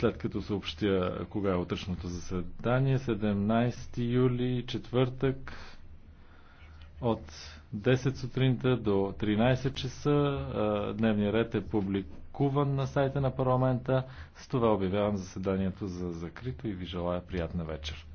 след като съобщя кога е утрешното заседание, 17 юли, четвъртък, от 10 сутринта до 13 часа. Дневният ред е публикуван на сайта на парламента. С това обявявам заседанието за закрито и ви желая приятна вечер.